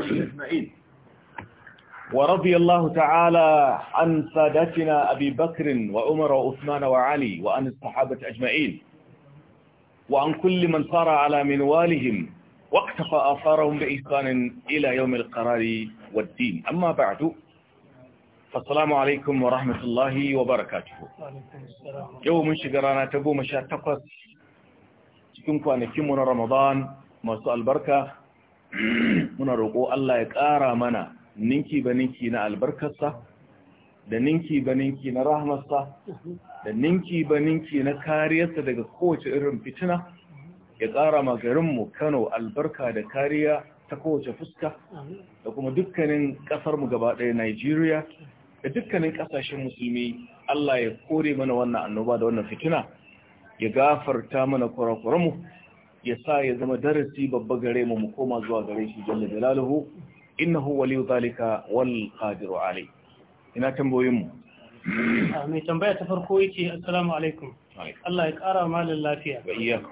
وصحبه أجمعين ورضي الله تعالى عن سادتنا أبي بكر وعمر وعثمان وعلي وعن الصحابة أجمعين وعن كل من صار على منوالهم واقتفى آثارهم بإحسان إلى يوم القرار والدين أما بعد فالسلام عليكم ورحمة الله وبركاته يوم شكرانا تقوم شاتقص cikin kwanakinmu na رمضان masu البركة muna roƙo Allah ya ƙara mana ninki ba ninki na albarkarsa da ninki ba ninki na rahmarsa da ninki ba ninki na kariyarsa daga kowace irin fitina ya ƙara ma garinmu Kano albarka da kariya ta kowace fuska da kuma dukkanin ƙasarmu gaba ɗaya Najeriya da dukkanin ƙasashen musulmi Allah ya kore mana wannan annoba da wannan fitina ya gafarta mana mu ya sa ya zama darasi babba gare mu mu koma zuwa gare shi jalla jalaluhu innahu waliyu zalika wal qadiru alai ina tambayoyin mu ah, mai tambaya ta farko yake assalamu alaikum Allah ya kara malam lafiya wa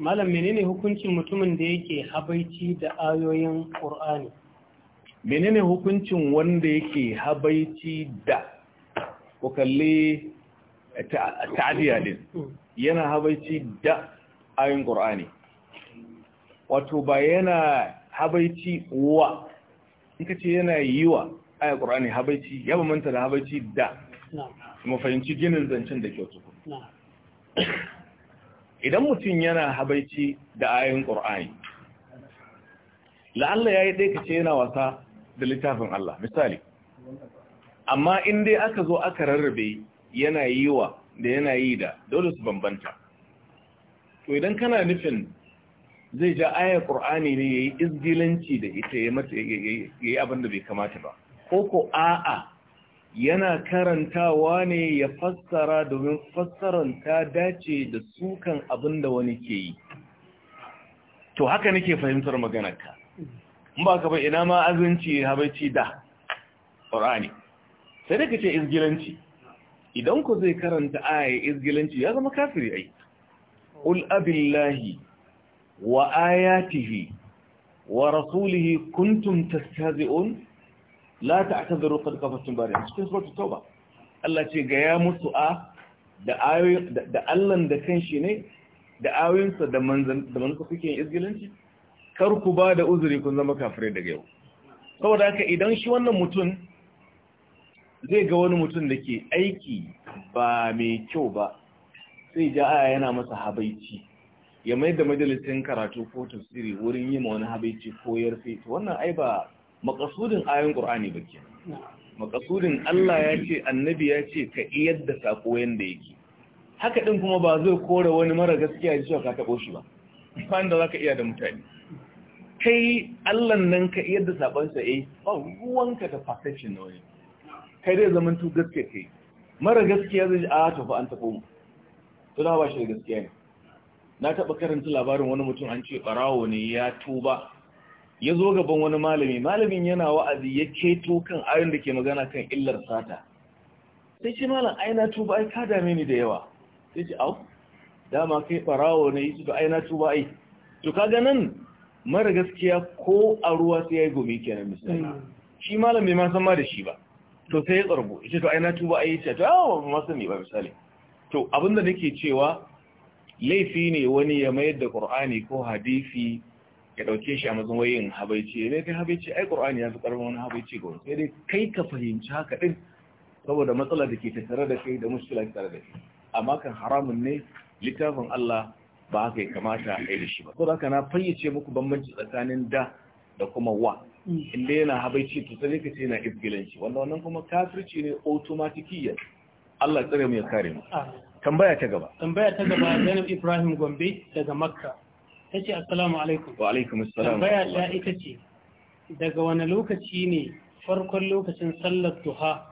malam menene hukuncin mutumin da yake habaici da ayoyin qur'ani menene hukuncin wanda yake habaici da ko kalle ta'adiya din hmm. yana habaici da ayoyin qur'ani wato ba yana habaici wa in ce yana yi wa aya ƙur'ani habaici ya manta da habaici da mu fahimci ginin zancen da kyau idan mutum yana habaici da ayin ƙur'ani la'alla ya yi ɗaya ce yana wasa da littafin Allah misali amma in dai aka zo aka rarrabe yana yi wa da yana yi da dole su bambanta to idan kana nufin zai ja ayar ƙur'ani ne ya yi izgilanci da ita ya mata ya yi abin da bai kamata ba ko ko a'a yana karantawa ne ya fassara domin fassaran ta dace da sukan abin da wani ke yi to haka nake fahimtar maganarka in ba ka ba ina ma azinci habaici da ƙur'ani sai da kace izgilanci idan ku zai karanta aya izgilanci ya zama kafiri ai qul abillahi wa ayatihi wa rasulihi kuntum tastahzi'un la ta'tadiru qad kafartum bari cikin suratul tauba Allah ce ga ya musu a da ayoyin da Allah da kanshi ne da ayoyinsa da manzan da manzo kuke yin izgilanci kar ku ba da uzuri kun zama kafirai daga yau saboda haka idan shi wannan mutum zai ga wani mutum da ke aiki ba mai kyau ba sai ja aya yana masa habaici ya mai da majalisin karatu ko tafsiri wurin yi ma wani habaici ko yarfe To wannan ai ba makasudin ayon qur'ani ba ke makasudin Allah ya ce annabi ya ce ka iyar da sako yanda yake haka din kuma ba zai kore wani mara gaskiya ji ka tabo shi ba fan da zaka iya da mutane kai Allah nan ka iyar da sakon sa eh ba ruwanka da perfection ne kai dai zaman tu gaskiya kai mara gaskiya zai ah, a tafi an tabo mu to da ba shi gaskiya ne na taɓa karanta labarin wani mutum an ce ɓarawo ne ya tuba ya zo gaban wani malami malamin yana wa'azi ya keto kan ayon da ke magana kan illar sata sai ce malam aina tuba ai ka dame ni da yawa sai ce au dama kai ɓarawo ne yi to aina tuba ai to ka nan mara gaskiya ko a ruwa sai ya yi gumi kenan misali hmm. shi malam bai ma san ma da shi ba to sai ya tsargo ita to aina tuba ai ce to yawon ba ma sani ba misali to abinda nake cewa laifi ne wani ya mayar da ƙur'ani ko hadifi ya ɗauke shi a matsayin habaici ya kai habaici ai ƙur'ani ya fi ƙarfin wani habaici ga wani sai dai kai ka fahimci haka ɗin saboda matsala da ke tattare da kai da mushkila tare da kai amma kan haramun ne littafin Allah ba haka ya kamata a yi da shi ba saboda haka na fayyace muku bambanci tsakanin da da kuma wa inda yana habaici to sai ka ce yana ibgilanci wanda wannan kuma kafirci ne automatically Allah tsare mu ya kare mu tambaya ta gaba tambaya ta gaba Zainab Ibrahim Gombe daga Makka tace assalamu alaikum wa alaikum assalam tambaya ta ita ce daga wani lokaci ne farkon lokacin sallar duha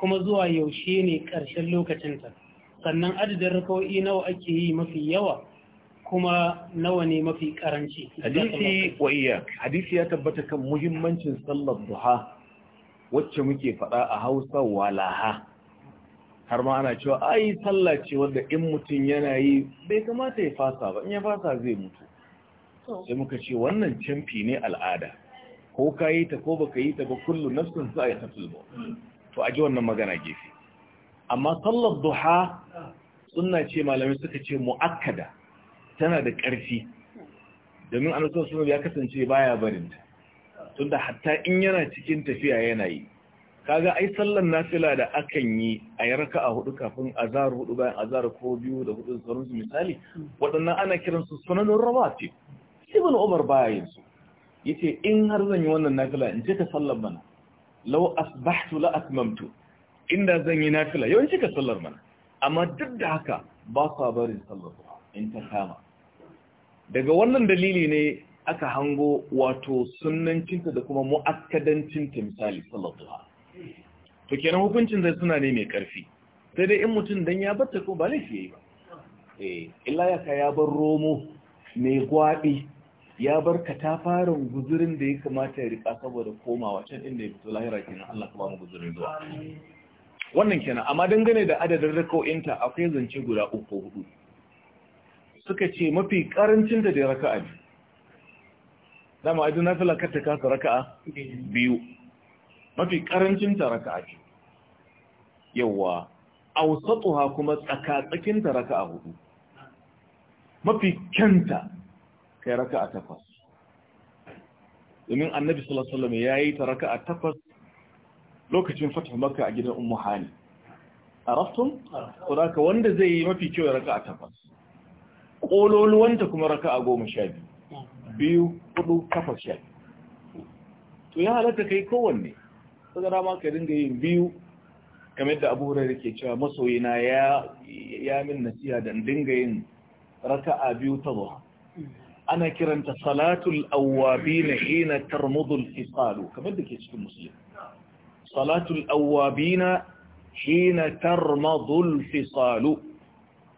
kuma zuwa yaushe ne ƙarshen lokacinta sannan adadin rakawoyi nawa ake yi mafi yawa kuma nawa ne mafi karanci hadisi wa iya hadisi ya tabbata kan muhimmancin sallar duha wacce muke faɗa a Hausa walaha har ma ana cewa ai sallah ce wanda in mutum yana yi bai kamata ya fasa ba in ya fasa zai mutu sai muka ce wannan canfi ne al'ada ko ka yi ta ko baka yi ta ba kullum nafsin za ya tafi ba to a ji wannan magana gefe amma sallar duha sunna ce malamai suka ce mu'akkada tana da ƙarfi domin an so ya kasance baya barinta. tunda hatta in yana cikin tafiya yana yi kaga ai sallan nafila da akan yi a yarka a hudu kafin azar hudu bayan azar ko biyu da hudu sauran su misali waɗannan ana kiran su sunanin rawatib ibn umar baya su yace in har zan yi wannan nafila in je ka sallar mana law asbahtu la atmamtu inda zan yi nafila yau in ka sallar mana amma duk da haka ba sa barin sallar in ta kama daga wannan dalili ne aka hango wato sunnancinta da kuma mu'akkadancinta misali sallar duha to kenan hukuncin zai suna ne mai karfi sai dai in mutum dan ya batta ko ba laifi yayi ba eh illa ya kai ya bar romo mai gwadi, ya bar katafaren guzurin da ya kamata ya rika saboda komawa can inda ya fito lahira kenan Allah ka ba mu guzurin zuwa wannan kenan amma dangane da adadin rakawinta akwai zance guda uku hudu suka ce mafi karancin da dai raka'a ne dama ajin nafila ka ta kasa raka'a biyu mafi karancin ta raka'a ce Yawwa, ausatuha kuma tsakatsakinta raka a hudu mafi kyanta kai raka a takwas domin annabi sallallahu ya yi yayi ta raka a takwas lokacin fatah maka a gidan ummu hani araftum saboda wanda zai yi mafi kyau raka a takwas kololuwanta kuma raka a goma sha biyu biyu hudu takwas sha biyu to ya halatta kai kowanne saboda ma ka dinga yin biyu kamar da abu hurairu ke cewa masoyina ya min nasiha da dinga yin raka'a biyu ta zuwa ana kiranta salatul awwabi na hina tarmudul isalu kamar da ke cikin musulun salatul awwabi na hina tarmudul fisalu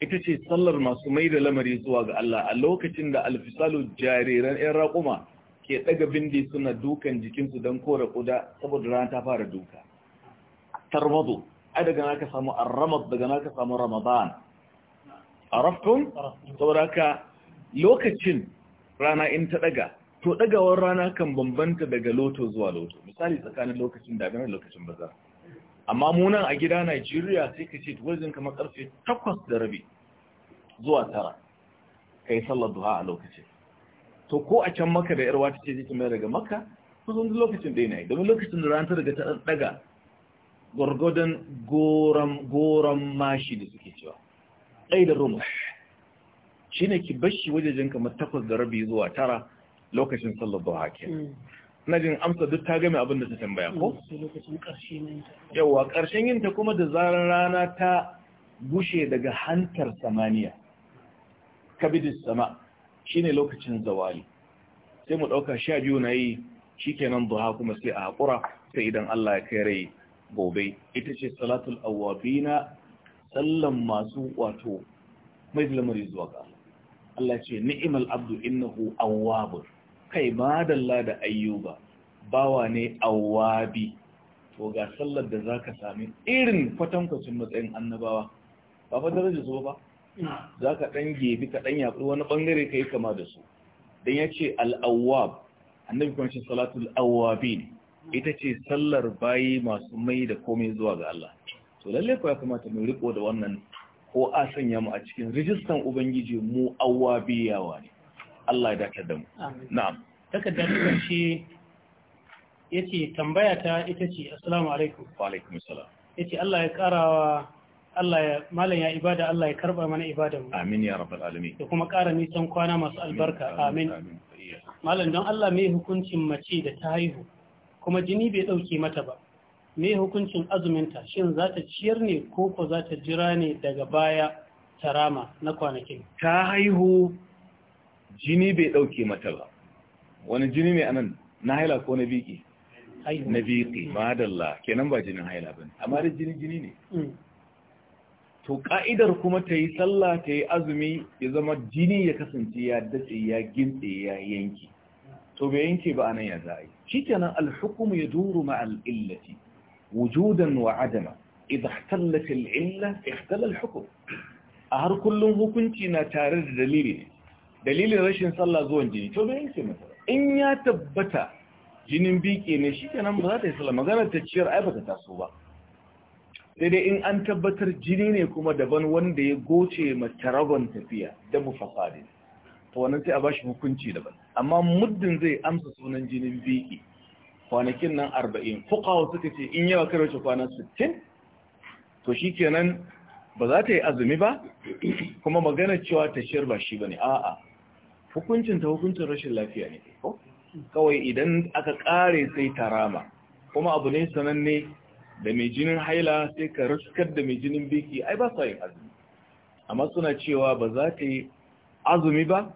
ita ce sallar masu mai da lamari zuwa ga Allah a lokacin da alfisalu jariran 'yan raƙuma ke ɗaga bindi suna dukan jikinsu don kore kuda saboda rana ta fara duka tarmadu ai daga na ka samu arramad daga na ka samu ramadan araftum saboda ka lokacin rana in ta daga to dagawar rana kan bambanta daga loto zuwa loto misali tsakanin lokacin damina lokacin bazar. amma munan a gida Najeriya sai ka ce wajen kama karfe 8 da rabi zuwa tara kai sallar duha a lokacin to ko a can maka da yarwa ta ce zai kuma daga makka kusan lokacin ɗaya ne domin lokacin da ranta daga ta daga gwargwadon goron mashi da suke cewa ɗai da rumus shi ne ki bashi wajajen kamar takwas da rabi zuwa tara lokacin sallar zuwa hmm. na jin amsa duk ta game abin da ta tambaya ko? yawa hmm, ƙarshen ta kuma da zarar rana ta gushe daga hantar samaniya kabidis sama shi ne lokacin zawali sai mu ɗauka sha biyu na yi shi kenan duha kuma sai a haƙura sai idan Allah ya kai rai gobe ita ce salatul na sallan masu wato mai lamari zuwa ga Allah ce ni'mal abdu innahu awwabun kai madalla da ayyuba bawa ne awwabi to ga sallar da zaka sami irin kwatankwacin matsayin annabawa ba fa daraja su ba zaka dan gebi ka dan yafi wani bangare kai kama da su dan yace al-awwab annabi kuma ce salatul awwabin ita ce sallar bayi masu mai da komai zuwa ga Allah to lalle ko ya kamata mu riko da wannan ko a sanya mu a cikin rijistan ubangiji mu awabiyawa ne Allah ya dakatar da mu na'am takardar shi yace tambaya ta ita ce assalamu alaikum wa alaikum assalam yace Allah ya karawa Allah ya malam ya ibada Allah ya karba mana ibada mu amin ya rabbal alamin da kuma ƙara nisan kwana masu albarka amin malam don Allah mai hukuncin mace da ta haihu kuma jini bai ɗauke mata ba me hukuncin azuminta shin za ta ciyar ne ko ko za ta jira ne daga baya tarama na kwanakin ta haihu jini bai ɗauke mata ba wani jini ne anan na haila ko na biki na biki madalla kenan ba jinin haila ba amma da jini jini ne mm. to ka'idar kuma ta yi sallah ta yi azumi ya zama jini ya kasance ya datse ya gintse ya yanki to bai yanke ba anan ya za'i shikenan al-hukm yaduru ma al wujudan wa adama idha ihtalat al-illa ihtala al a har kullum hukunci na tare da dalili ne dalilin rashin sallah zuwan jini to bai yanke masa in ya tabbata jinin biƙe ne shi shikenan ba za ta yi sallah magana ta ciyar ai bata taso ba sai dai in an tabbatar jini ne kuma daban wanda ya goce mata ragon tafiya da mufassadin wannan sai a bashi hukunci daban amma muddin zai amsa sunan jinin biki kwanakin nan arba'in fuqawa suka ce in yawa kar wuce kwana sittin to shikenan ba za ta yi azumi ba kuma magana cewa ta shir ba shi bane a'a hukuncin ta hukuncin rashin lafiya ne ko kawai idan aka kare sai tarama kuma abu ne sananne da mai jinin haila sai ka ruskar da mai jinin biki ai ba sa yin azumi amma suna cewa ba za ta yi azumi ba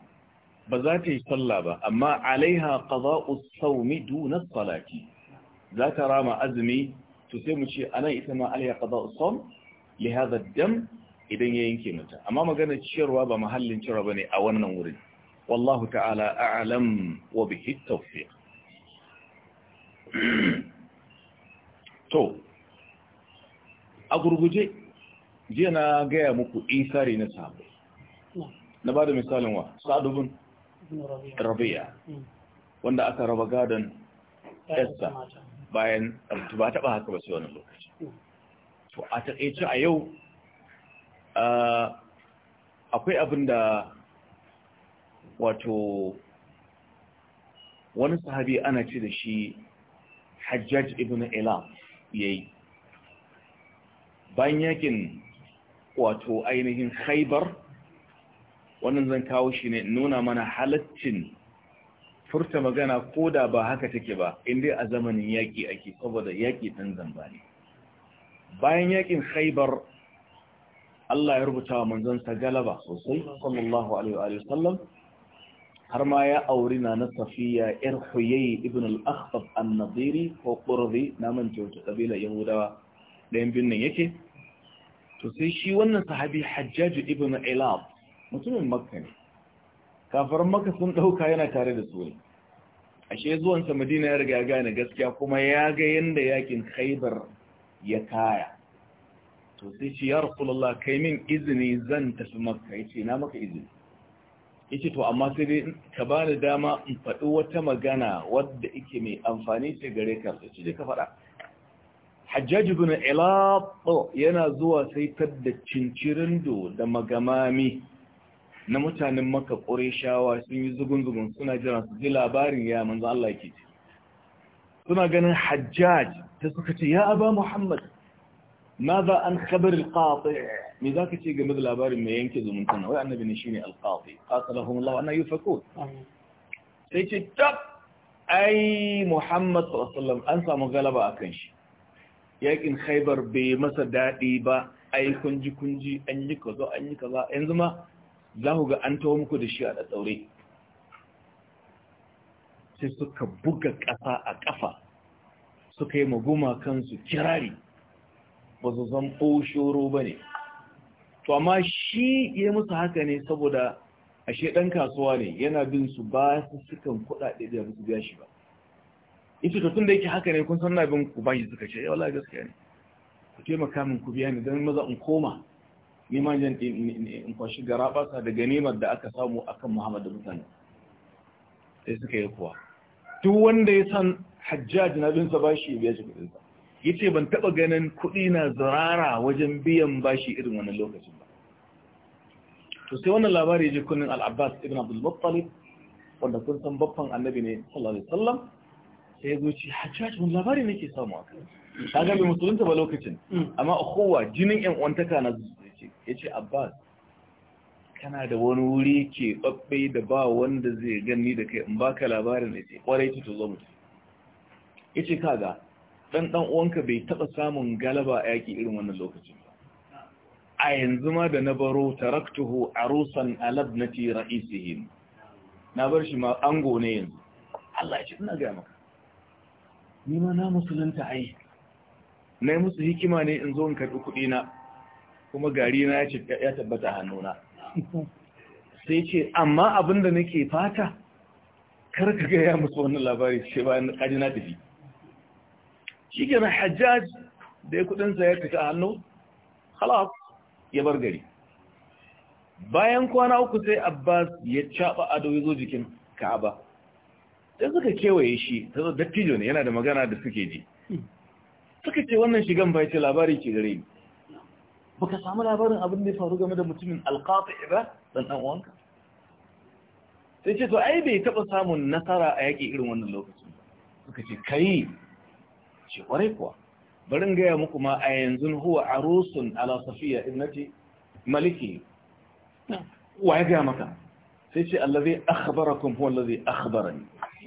ba za ta yi sallah ba amma alaiha qada'u sawmi duna salati za ta rama azumi to sai mu ce anan ita ma alaiha qada'u sawm li dam idan ya yanke mata amma magana ciyarwa ba mahallin ciyarwa ne a wannan wurin wallahu ta'ala a'lam wa bihi tawfiq to a gurguje jiya na gaya muku isari na sahabbai na ba da misalin wa sa'adubun rabi'a hmm. wanda aka raba gadon esta bayan ba taɓa haka ba sai wani lokaci hmm. to a taƙaice a yau akwai abin da wato wani sahabi ana ce da shi hajjaj ibn ila ya yi bayan yakin wato ainihin haibar wannan zan kawo shi ne nuna mana halaccin furta magana ko da ba haka take ba inda a zamanin yaƙi ake saboda yaƙi ɗan zamba ne bayan yaƙin haibar Allah ya rubuta wa manzansa galaba sosai sallallahu alaihi wa sallam har ma ya auri na na safiya yar huyayi ibn al-akhtab an-nadiri ko qurdi na manta wata kabila yahudawa ɗayan binnin yake to sai shi wannan sahabi hajjaj ibn ilab mutumin makka ne kafaran makka sun ɗauka yana tare da su ne ashe zuwansa madina ya riga gane gaskiya kuma ya ga yadda yakin khaibar ya kaya to sai ce ya rasulullah kai min izini zan tafi makka ya ce na maka izini ya to amma sai dai ka ba da dama in faɗi wata magana wadda ike mai amfani ce gare ka su, ce ka faɗa hajjaji bin ilaɓo yana zuwa sai da cincirindo da magamami na mutanen maka ƙorishawa sun yi zugun-zugun suna jira su ji labarin ya manzo Allah ke ce suna ganin hajjaj ta suka ce ya aba muhammad ma za an khabar alƙafi me za ka ce game da labarin mai yanke zumunta na wai annabi ne shine alƙafi qatalahum Allah ana yufakun sai ce tab ai muhammad sallallahu an samu galaba a kan shi yakin khaybar bai masa dadi ba ai kunji kunji an yi kaza an yi kaza yanzu ma za ku ga an tawo muku da shi a ɗaɗɗaure sai suka buga ƙasa a ƙafa suka yi maguma kansu kirari ba su san ɓoshoro ba ne to amma shi ya musu haka ne saboda ashe ɗan kasuwa ne yana bin su ba su sukan kuɗaɗe da musu biya shi ba ita to tun da yake haka ne kun san na bin ku ba shi suka ce yawa eh, gaskiya ne ku taimaka min ku biya ni don maza in koma neman jan in kwashi gara basa da ganimar da aka samu akan Muhammad da mutane sai suka yi kuwa duk wanda ya san hajjaj na bin sa bashi biya shi kudin sa yace ban taba ganin kudi na zarara wajen biyan bashi irin wannan lokacin ba to sai wannan labari ya ji kunnin al-Abbas ibn Abdul Muttalib wanda kun san babban annabi ne sallallahu alaihi wasallam sai ya zo ci hajjaj mun labari ne ke samu a Ta ga bai musulunta ba lokacin mm. amma a kowa jinin yan uwantaka na ce ya ce abbas kana da wani wuri ke babbe da ba wanda zai gani da kai in baka labarin da ce kwarai ce to zo mutu ya ce kaga ɗan ɗan uwanka bai taɓa samun galaba a yaƙi irin wannan lokacin ba a yanzu ma da na baro taraktuhu arusan alabnati ra'isihim na bar shi ma ango ne yanzu Allah ya ce ina gaya maka ni ma na musulunta ai na yi musu hikima ne in zo in karɓi kuɗi na kuma gari na ya tabbata hannuna sai ce amma abinda nake fata karka gaya musu wannan labari ce bayan kaji na tafi shi ke hajjaj da ya kudinsa ya fita hannu halaf ya bar gari bayan kwana uku sai abbas ya caba ado ya zo jikin ka'aba ta suka kewaye shi ta zo dattijo ne yana da magana da suke ji suka ce wannan shigan bai ce labari ke gare ni baka samu labarin abin da ya faru game da mutumin alqati ba dan dan uwanka sai ce to ai bai taɓa samun nasara a yaki irin wannan lokacin suka ce kai ce ware kuwa barin gaya muku ma a yanzu huwa arusun alasafiya safiya ibnati maliki wa ya gaya maka sai ce allazi akhbarakum huwa allazi akhbarani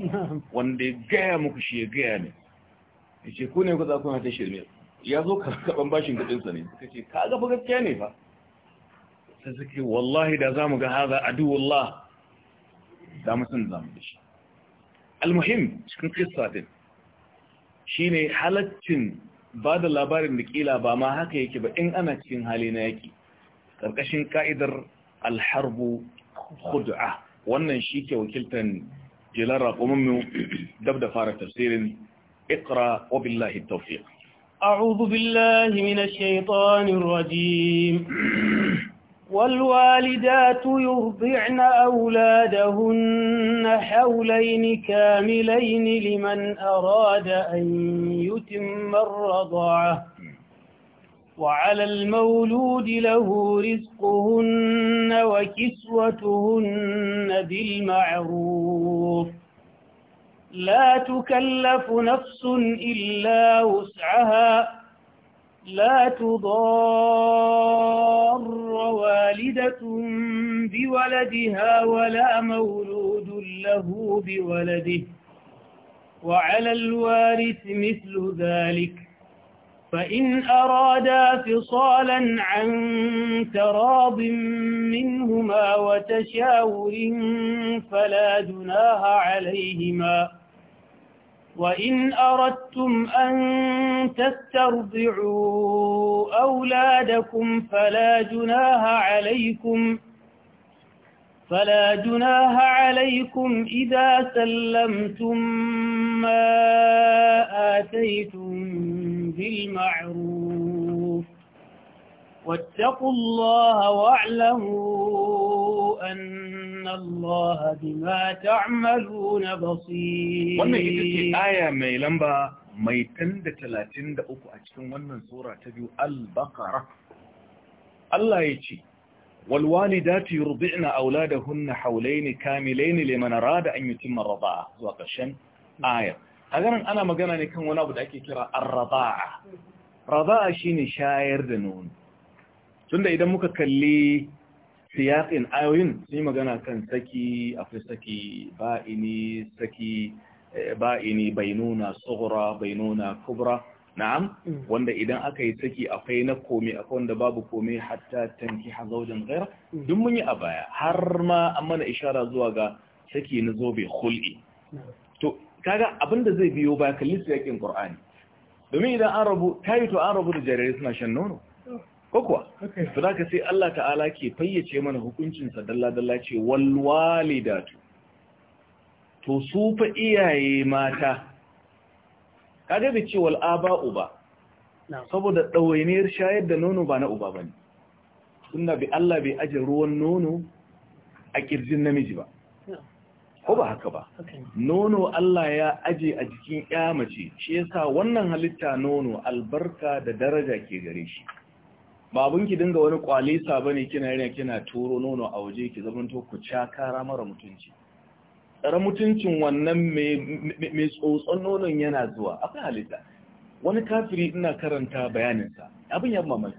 wanda ya gaya muku shi ya gaya ne yace ku ne ku za ku na ta shirme ya zo karɓan bashin kuɗinsa ne suka ce ka ga gaskiya ne fa sai suke wallahi da za mu ga haza aduwallah da mutum za mu da almuhim cikin kissa din shine halaccin ba da labarin da kila ba ma haka yake ba in ana cikin hali na yaki ƙarƙashin ka'idar alharbu khud'a wannan shi ke wakiltan jilar raƙumin dab da fara tafsirin ikra wa billahi أعوذ بالله من الشيطان الرجيم والوالدات يرضعن أولادهن حولين كاملين لمن أراد أن يتم الرضاعة وعلى المولود له رزقهن وكسوتهن بالمعروف لا تكلف نفس إلا وسعها لا تضار والدة بولدها ولا مولود له بولده وعلى الوارث مثل ذلك فإن أرادا فصالا عن تراض منهما وتشاور فلا جناها عليهما وإن أردتم أن تسترضعوا أولادكم فلا جناها عليكم فلا جناها عليكم إذا سلمتم ما آتيتم بالمعروف واتقوا الله واعلموا أن الله بما تعملون بصير wannan ita ce aya mai lamba mai tanda talatin da uku a cikin wannan sura ta biyu al-baqara Allah ya ce walwalidati yurdi'na auladahunna hawlayn kamilayn liman arada an yutimma ar-rida'a zuwa ƙarshen aya hagaran ana magana ne kan wani abu da ake kira ar-rida'a rida'a shine shayar da nono tunda idan muka kalli siyaƙin ayoyin sun yi magana kan saki akwai saki ba'ini saki eh, ba'ini bainuna tsohura bainuna kubra na'am mm. wanda idan aka yi saki akwai na komai akwai wanda babu komai hatta tanki hazaujan gaira mm. duk mun yi a baya har ma an mana ishara zuwa ga saki na zobe hul'i to kaga abinda zai biyo ba kalli siyaƙin kur'ani domin idan an rabu tayi to an rabu da jarirai suna shan nono ko kuwa ka sai Allah ta'ala ke fayyace mana hukuncinsa sa dalla dalla ce wal to su fa iyaye mata kaga bai ce wal ba ba saboda ɗawainiyar shayar da nono ba na uba ba ne suna bi Allah bai aje ruwan nono a ƙirjin namiji ba ko ba haka ba nono Allah ya aje a jikin ya mace shi yasa wannan halitta nono albarka da daraja ke gare shi ba ki dinga wani kwalisa ne kina yana kina turo nono a waje ki zaman to ku cakara mara mutunci tsara mutuncin wannan mai tsotson nonon yana zuwa akwai halitta wani kafiri ina karanta bayaninsa abin ya mamaki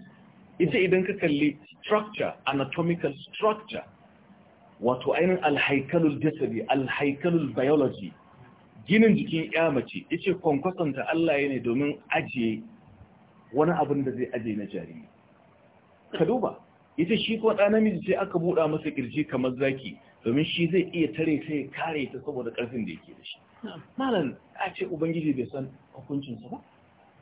ita idan ka kalli structure anatomical structure wato ainihin alhaikalul jasadi alhaikalul biology ginin jikin ya mace ita kwankwasanta Allah ya ne domin ajiye wani abin da zai ajiye na jariri ka duba ita shi ko da namiji sai aka buɗa masa kirji kamar zaki domin shi zai iya tare sai kare ta saboda ƙarfin da yake da shi malam a ce ubangiji bai san hukuncinsa ba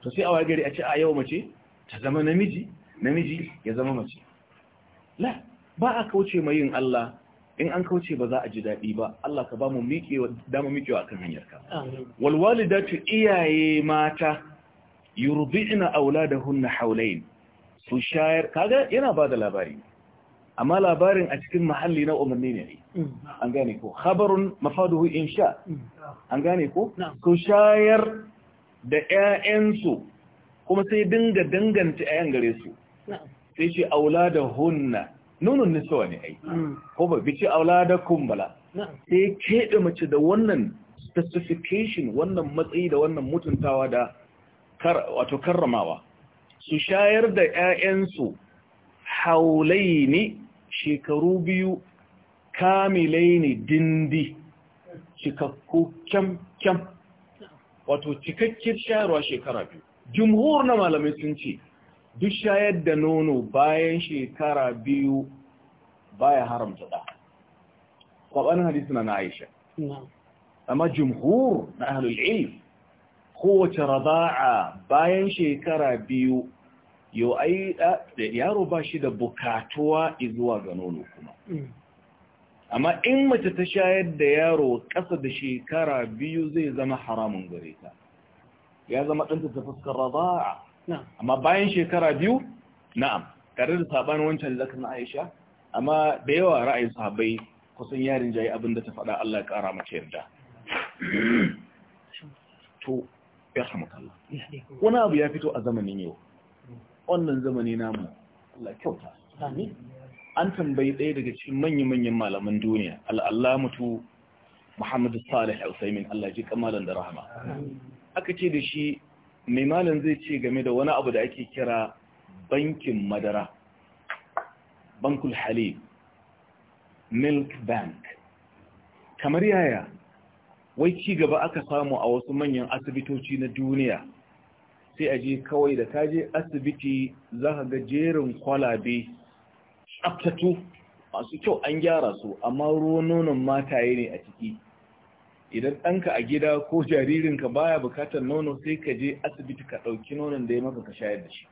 to sai a gari a ce a yau mace ta zama namiji namiji ya zama mace la ba a kauce mai yin Allah in an kauce ba za a ji daɗi ba Allah ka ba mu miƙewa dama miƙewa akan hanyarka walwalidatu iyaye mata yurbi'na auladahunna hawlain Su shayar kaga yana ba da labari amma labarin a cikin mahalli na umarni ne an gane ko khabarun mafaduhu insha an gane ko Su shayar da ƴaƴansu kuma sai dinga danganta ƴaƴan gare su sai ce auladahunna nunun nisawa ne ai ko ba ce auladakum bala sai keɗa mace da wannan specification wannan matsayi da wannan mutuntawa da wato karramawa su shayar da 'ya'yansu haulaini shekaru biyu kamilaini dindi cikakku kyam-kyam wato cikakkiyar shayarwa shekara biyu jumhur na malamai sun ce duk shayar da nono bayan shekara biyu baya haramta da kwabanin hadisuna na aisha amma jumhur na ahalul ilm kowace raba'a bayan shekara biyu yau ai yaro ba shi da bukatuwa zuwa ga nono kuma mm. amma in mace ta shayar da yaro ƙasa da shekara biyu zai zama haramun gare ta ya zama ɗanta ta fuskar raba'a amma bayan shekara biyu na'am tare da sabanin wancan da na aisha amma da yawa ra'ayin sahabbai kusan yarin jayi abinda ta faɗa Allah ya ƙara mace yarda to ya wani abu ya fito a zamanin yau wannan zamani namu Allah kyauta an tambayi ɗaya daga cikin manya-manyan malaman duniya mutu, muhammadu salih al-saimin Allah ji kamalan da rahama aka ce da shi mai malam zai ce game da wani abu da ake kira bankin madara bankul halib milk bank kamar yaya wai ci gaba aka samu a wasu manyan asibitoci na duniya sai a je kawai da kaje asibiti za ka ga jerin kwalabe tsaftatu masu kyau an gyara su amma ruwan nonon mataye ne a ciki idan ɗanka a gida ko jaririnka baya bukatar nono sai ka je asibiti ka ɗauki nonon da ya maka ka shayar da shi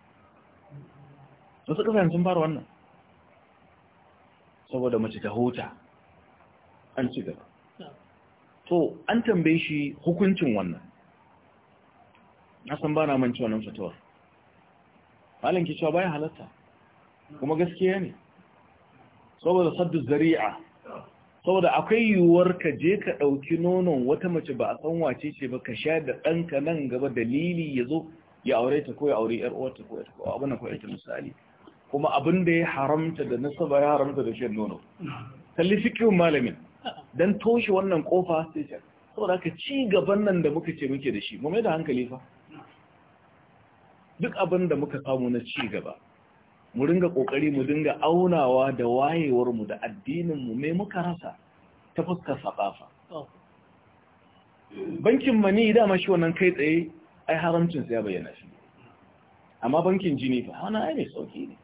wasu ƙasashen sun fara wannan saboda mace ta hota an ci gaba to an tambaye shi hukuncin wannan na san ba na manci wannan fitowar halin ki cewa bayan halatta kuma gaskiya ne saboda saddu zari'a saboda akwai yiwuwar ka je ka ɗauki nonon wata mace ba a san wace ce ba ka sha da ɗanka nan gaba dalili ya zo ya aure ta ko ya aure yar ta ko ya tafi abin ko misali kuma abin da ya haramta da nasaba ya haramta da shan nono kalli fikihun malamin dan toshe wannan kofa sai ta saboda ka ci gaban nan da muka ce muke da shi mu mai da hankali fa duk abin da muka samu na ci gaba mu ringa kokari mu dinga aunawa da wayewar mu da addinin mu me muka rasa ta fuskar sakafa bankin mani dama shi wannan kai tsaye ai haramcin sai ya bayyana shi amma bankin jini fa wannan ai ne sauki ne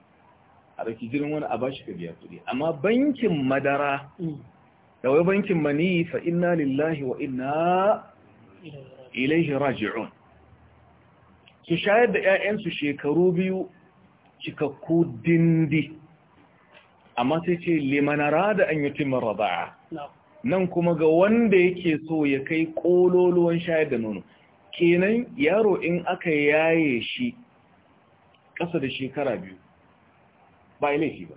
a raki jirin wani a bashi ka biya kuɗi amma bankin madara da wai bankin mani fa inna lillahi wa inna ilaihi raji'un su shayar da 'ya'yansu shekaru biyu cikakku dindi amma sai ce limanara da an yi timar raba'a nan kuma ga wanda yake so ya kai kololuwan shayar da nono kenan yaro in aka yaye shi ƙasa da shekara biyu ba laifi ba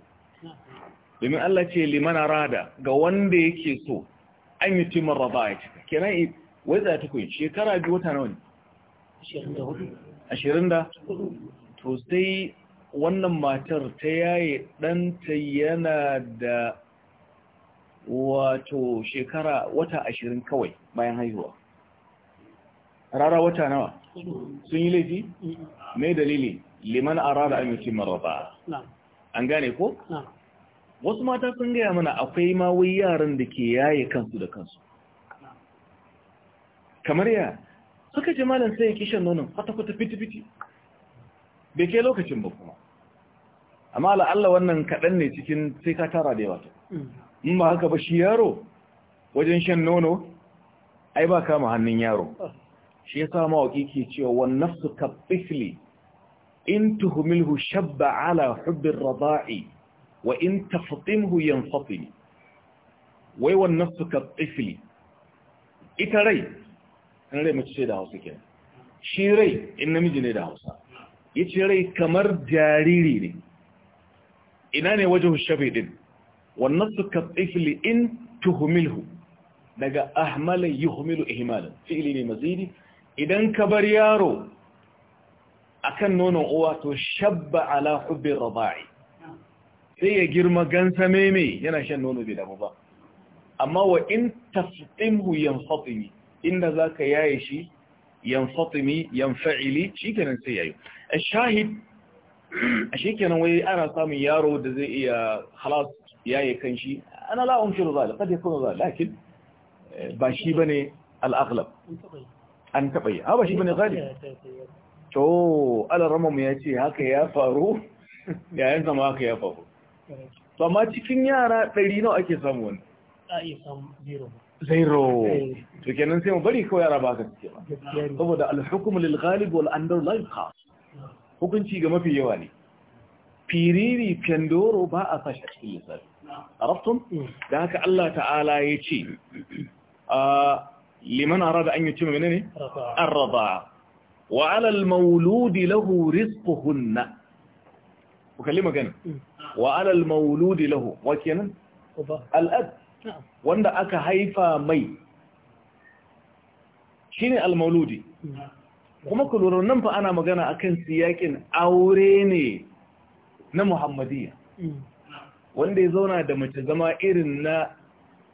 domin Allah ce limanara da ga wanda yake so an yi timar raba'a cika kenan wai za ta kun shekara biyu wata nawa ne ashirin da to sai wannan matar ta yaye ɗanta yana da wato shekara wata ashirin kawai bayan haihuwa rara wata nawa sun yi laifi mai dalili liman arada an yuti maraba an gane ko wasu mata sun gaya mana akwai ma yaran da ke yaye kansu da kansu kamar ya suka ce malam sai ya nonon kwata-kwata fiti-fiti bai lokacin ba kuma amma la'alla wannan kaɗan ne cikin sai ka tara da yawa ta in ba haka ba shi yaro wajen shan nono ai ba kama hannun yaro shi ya sa mawaƙi ke cewa wan nafsu ka tsifli in tuhumilhu shabba ala hubbin raba'i wa in tafatimhu yan wai wan nafsu ka tsifli ita rai in rai mace ce da hausa kenan shi rai in namiji ne da hausa ya ce rai kamar jariri ne ina ne wajen shafi din wannan su kafifili in tuhumilhu daga ahmalin humilu ihimalin fi'ili ne mazidi idan ka bar yaro akan nonon uwa to shabba ala hubbin raba'i sai ya girma gansa meme yana shan nono bai damu ba amma wa in tasdimhu yanfatimi inda za ka yaye shi yanfatimi yanfa'ili kenan sai yayi ashahid kenan wai ana samun yaro da zai iya halas yaye kanshi ana la unkiru zalika kad yakunu zalika lakin ba shi bane al-aghlab an taba yi ba shi bane ghalib to al-ramam ya ce haka ya faru yayin zama haka ya faru to amma cikin yara 100 nawa ake samu wannan a iya samu zero zairo eh. to kenan sai mu bari kawai yara ba ka suke ba saboda alhukum lil ghalib wal andar la yuqa hukunci ga mafi yawa ne firiri pendoro ba a sashi a cikin lissafi arabtum mm. da haka Allah ta'ala ya ce liman arada an yutima menene arraba wa ala al mawlud lahu rizquhunna ku kalli magana mm. wa ala al mawlud lahu wa kenan al ab wanda aka haifa mai shi ne Almaludi. kuma kulurar nan fa ana magana akan siyakin aure ne na muhammadiyya wanda ya zauna da mace zama irin na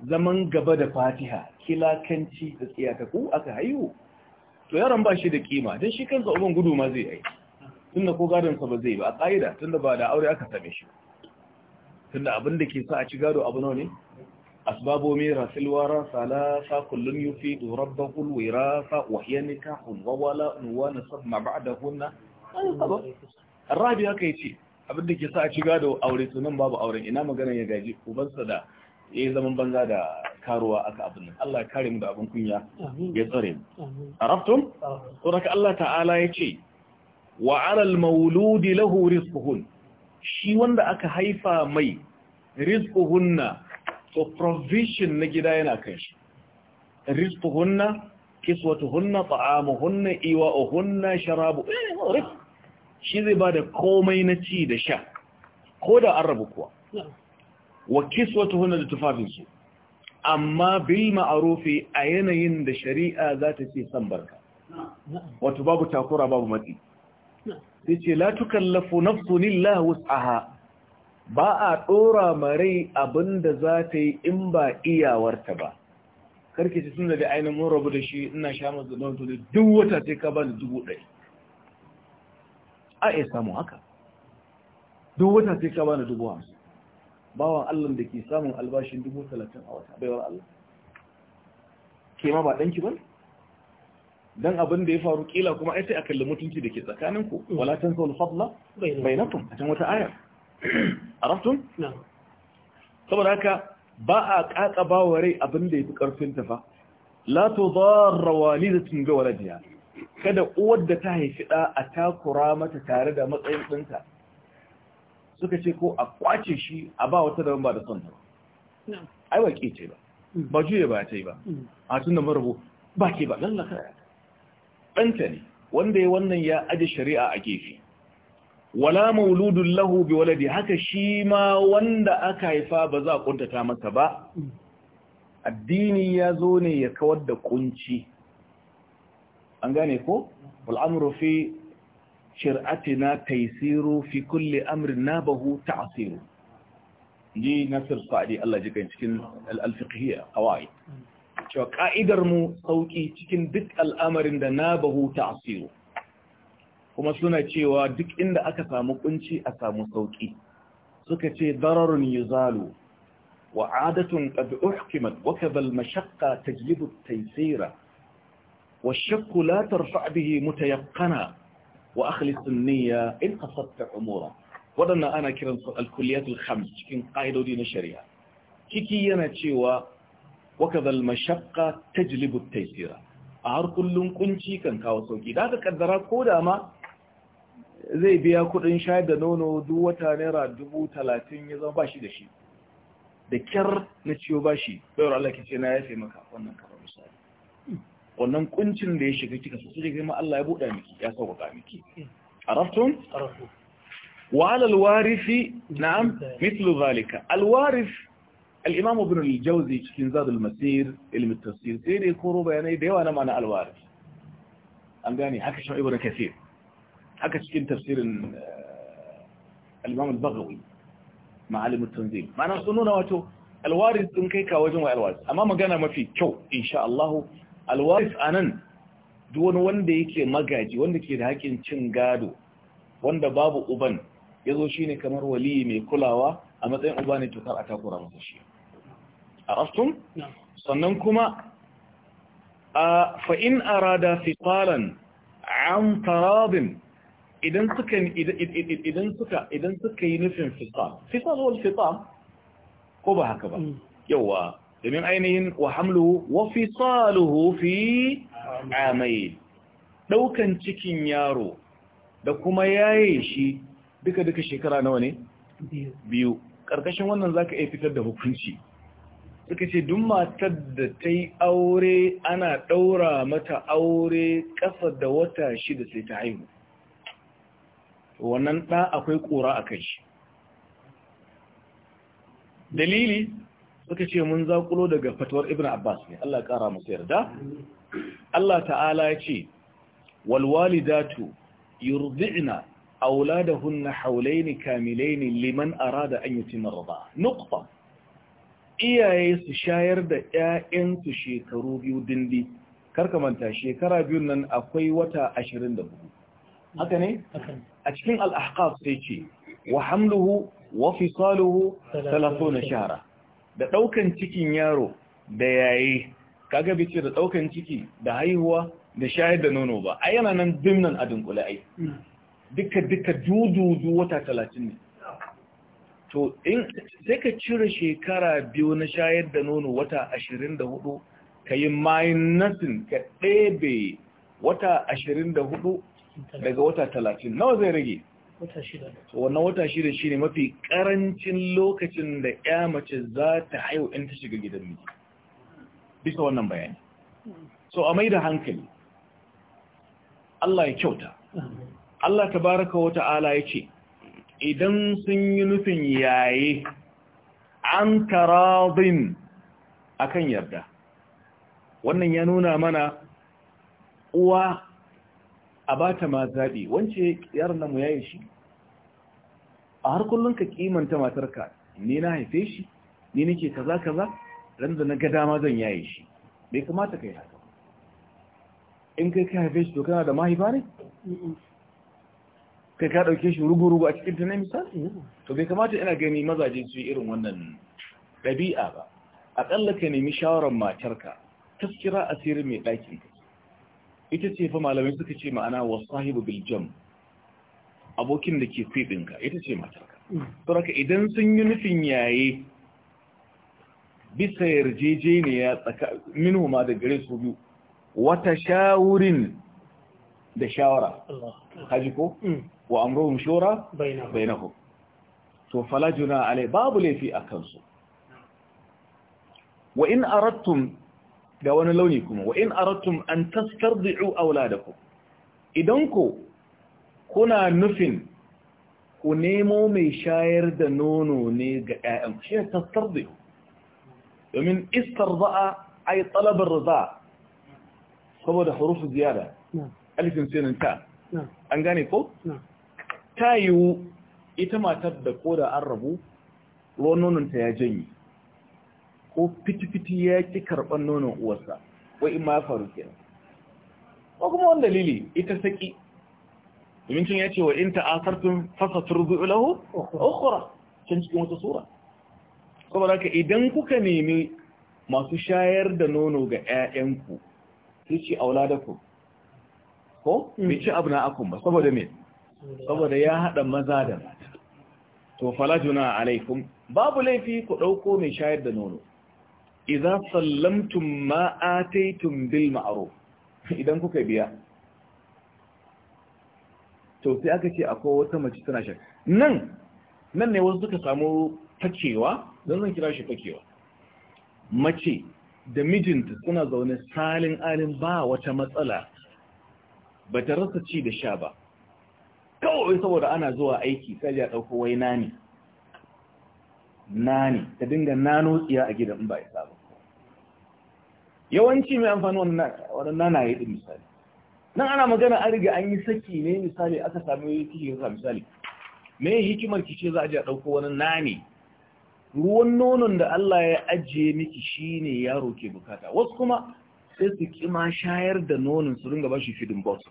zaman gaba da fatiha kilakanci da tsiyakaku aka haihu to yaron ba shi da kima don shi kansa uban gudu ma zai yi tunda ko gadonsa ba zai ba a ƙa'ida tunda ba da aure aka same shi tunda abin da ke sa a ci gado abu ne أسباب ميراث الورى ثلاثة كل يفيد ربه الوراثة وهي نكاح وولاء ونسب ما بعدهن الرابع كيتي abin da ke sa a ci gado aure sunan babu auren ina magana ya gaji ubansa da ya yi zaman banza da karuwa aka abin nan Allah ya kare mu da abin kunya ya tsare mu arabtum to daga Allah ta'ala ya ce wa 'alal mawludi lahu rizquhun shi wanda aka haifa mai rizquhunna so provision na gida yana kan shi rizquhunna kiswatuhunna ta'amuhunna iwa'uhunna sharabu eh, shi zai bada komai na ci da sha ko da an rabu kuwa wa kiswatuhunna da tufafin su amma bil ma'arufi a yanayin da shari'a za ta ce san barka wato babu takura babu matsi sai ce la tukallafu nafsun illa wus'aha ba a ɗora rai abin da za ta yi in ba iyawarta ba karki ta tun da da ainihin mun rabu da shi ina sha masu don to da duk wata sai ka ba da dubu ɗari a iya samun haka duk wata sai ka ba da dubu hamsin bawan allon da ke samun albashin dubu talatin a wata baiwar allon. ke ma ba ɗanki ba dan abin da ya faru kila kuma ai sai a kalli mutunci da ke tsakaninku wala tansa wal fadla bainakum a can wata ayar عرفتم نعم saboda haka ba a kakaba wa rai abin da ya fi ƙarfin tafa la to zarra walidatin ga waladiya kada uwar da ta haifi ɗa a takura mata tare da matsayin ɗinta suka ce ko a kwace shi a ba wata da ba da son ta ba ai ba ke ce ba ba juya ba ta yi ba a tun da marabo ba ke ba lallaka ɗanta ne wanda ya wannan ya aje shari'a a gefe wala mauludun lahu bi waladi haka shi ma wanda aka haifa ba za a kuntata masa ba addini ya zo ne ya kawar da kunci an gane ko al'amru fi shir'atina taysiru fi kulli amrin nabahu ta'siru ji nasir sa'di Allah ji kan cikin al-fiqhiyya awai cewa ka'idar mu sauki cikin duk al'amarin da nabahu ta'siru kuma suna cewa duk inda aka samu kunci a samu sauki suka ce dararun yuzalu wa adatun qad uhkimat wa kadha al mashaqqa tajlibu taysira wa ash-shakku la tarfa' bihi mutayaqqana wa akhlis an-niyya in qasadta umura wadanna ana kiran su al kulliyat al khams cikin qaidodi na shari'a ciki yana cewa wa kadha al mashaqqa tajlibu taysira a har kullun kunci kan kawo sauki da ka kaddara ko da ma zai biya kudin shayar da nono duk wata naira dubu talatin ya zama bashi da shi da kyar na ciwo bashi bayar Allah ke ce na ya maka wannan kamar misali wannan kuncin da ya shiga kika su da kuma Allah ya buɗa miki ya sauƙaƙa miki araftun wa alal warisi na'am mithlu zalika al waris al imam ibn al jawzi cikin zadul masir ilmi at tafsir sai dai koro bayanai da yawa na ma'ana al an gane haka shi ibn kathir haka cikin tafsirin eh, al-imam ma'alim at ma'ana sun nuna wato alwaris ɗin kai ka wajen wa al amma magana mafi kyau insha Allah al-waris anan duwani wanda yake magaji wanda ke da hakin cin gado wanda babu uban ya shi shine kamar wali mai kulawa a matsayin uba ne tukar a takura masa shi arastum sannan kuma a in arada fiqalan an taradin idan suka idan suka idan suka yi nufin fisal fisal wal fisal ko ba haka ba mm. yawa domin ainihin wa Hamlu. wa fisaluhu fi amai daukan cikin yaro da kuma yaye shi duka duka shekara nawa ne biyu karkashin wannan zaka iya fitar da hukunci suka ce duk matar da ta yi aure ana daura mata aure kasa da wata shida sai ta haihu wannan ɗa akwai ƙura a kai shi dalili suka ce mun zaƙulo daga fatuwar ibnu abbas ne allah ƙara musu yarda allah ta'ala ya ce walwalidatu yurdi'na auladahunna haulaini kamilaini liman arada an yutimma rida nuqta iyaye su shayar da 'ya'yansu shekaru biyu dindi karka manta shekara biyun nan akwai wata 24 haka ne a cikin al sai ce wa hamluhu wa fisaluhu na shahara!" da ɗaukan cikin yaro da yayi kaga bice da ɗaukan ciki da haihuwa da shayar da nono ba ai yana nan dimnan a dunkule ai duka duka dududu wata talatin ne to in sai ka cire shekara biyu na shayar da nono wata hudu, ka yi nasin ka ɗebe wata hudu. daga wata talatin nawa zai rage wata wannan wata shida shi ne mafi karancin lokacin da ya mace za ta haihu in ta shiga gidan miji bisa wannan bayani so a mai da hankali Allah ya kyauta Allah tabaraka wa ta'ala ya ce idan sun yi nufin yaye an a akan yarda wannan ya nuna mana uwa a ba ta ma zaɓi wance yaron nan mu yi shi a har kullum ka kimanta matarka ni na haife shi ni nake kaza kaza ran da na ga dama zan yaye shi bai kamata kai haka in kai ka haife shi to kana da mahaifa ne kai ka dauke shi rugu-rugu a cikin tunai misali to bai kamata ina gani mazaje su irin wannan ɗabi'a ba aƙalla ka nemi shawarar matarka taskira asirin mai ɗakin ka ita ce fa malamai suka ce ma'ana wa sahibu bil jam abokin da ke kwibinka ita ce matarka raka mm. idan sun yi nufin yaye bisa yarjejeniya tsaka minhu da gare su biyu wata shawurin da shawara haji ko mm. wa amruhum shura bainahum to fala juna alai babu laifi akan su wa in aradtum ga wani launi kuma wa in aratum an tastardi'u auladakum idan ku kuna nufin ku nemo mai shayar da nono ne ga ƴaƴan shi ne tastardi'u domin istarda'a ay talab ar za, saboda huruf ziyada alifin sinin ta an gane ko ta yiwu ita matar da koda an rabu ruwan nononta ya janye ko fiti-fiti ya ki karɓar nonon uwarsa ko in ma faru kenan ko kuma wani dalili ita saki domin cin ya ce wa in ta'asartun fasa turzu lahu ukhra can cikin wata sura saboda ka idan kuka nemi masu shayar da nono ga 'ya'yanku, sai ci ku? ko hmm. bai ci akun ba saboda me saboda ya haɗa maza da mata to falajuna alaikum babu laifi ku ɗauko mai shayar da nono idza sallamtum ma ataytum bil ma'ruf idan kuka biya to sai aka ce akwai wata mace tana shak nan nan ne wasu suka samu fakewa dan zan kira shi fakewa mace da mijinta suna zaune salin alin ba wata matsala ba ta rasa ci da sha ba kawai saboda ana zuwa aiki sai ya dauko wai nani nani ta dinga nano tsiya a gidan ba ya ba. yawanci mai amfani wannan na yi misali nan ana magana an riga an yi saki ne misali aka sami yasa misali me hikimar ki ce za a ji a ɗauko wani nani ruwan nonon da Allah ya ajiye miki ne yaro ke bukata wasu kuma sai su kima shayar da nonon su ringa bashi fidin bottle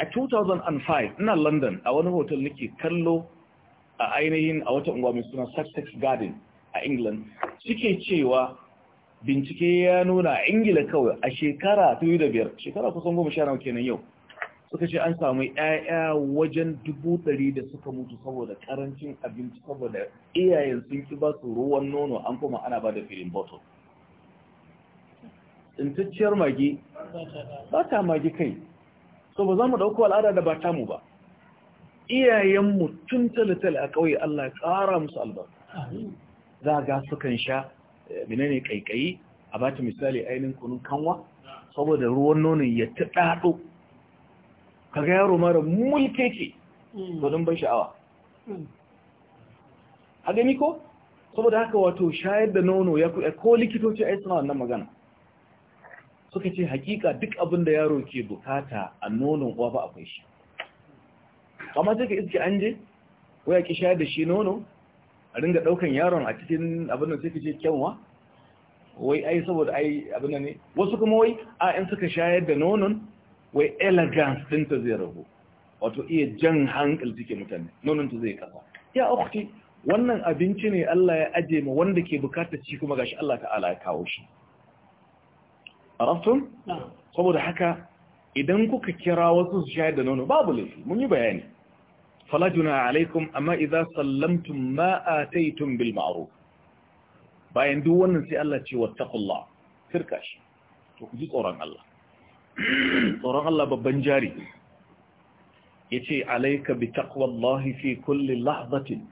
a 2005 ina London a wani hotel nake kallo a ainihin a wata unguwa mai suna Sussex Garden a England suke cewa bincike ya nuna ingila kawai a shekara 2005 shekara kusan goma sha nawa kenan yau suka ce an samu 'ya'ya wajen dubu ɗari da suka mutu saboda karancin abinci saboda iyayen sun ki ba su ruwan nono an kuma ana ba da filin bottle tsintacciyar mage ba ta mage kai so ba za mu ɗauko al'ada da ba tamu ba iyayenmu tun talatal a ƙauye Allah ya ƙara musu albarka za ga sukan sha menene kaikayi a ba ta misali ainihin kunun kanwa saboda ruwan nonon ya ta dado kaga yaro mara mulkeke gudun ban sha'awa a gani ko saboda haka wato shayar da nono ya ko likitoci ai suna wannan magana suka ce hakika duk abin da yaro ke bukata a nonon uwa ba akwai shi amma sai ka iske an je waya ki shayar da shi nono a ringa daukan yaron a cikin abin da suke ce kyanwa wai ai saboda ai abin da ne wasu kuma wai a in suka shayar da nonon wai elegance ta zai rabu wato iya jan hankali cikin mutane nonon ta zai kasa ya akwati wannan abinci ne Allah ya aje ma wanda ke bukatar ci kuma gashi Allah ta'ala ya kawo shi arabtum saboda haka idan kuka kira wasu su shayar da nono babu laifi mun yi bayani fala juna alaikum amma idza sallamtum ma ataytum bil bayan duk wannan sai Allah ce wattaqullah firka shi to ku ji tsoron Allah tsoron Allah babban jari yace alayka bi taqwallahi fi kulli lahzatin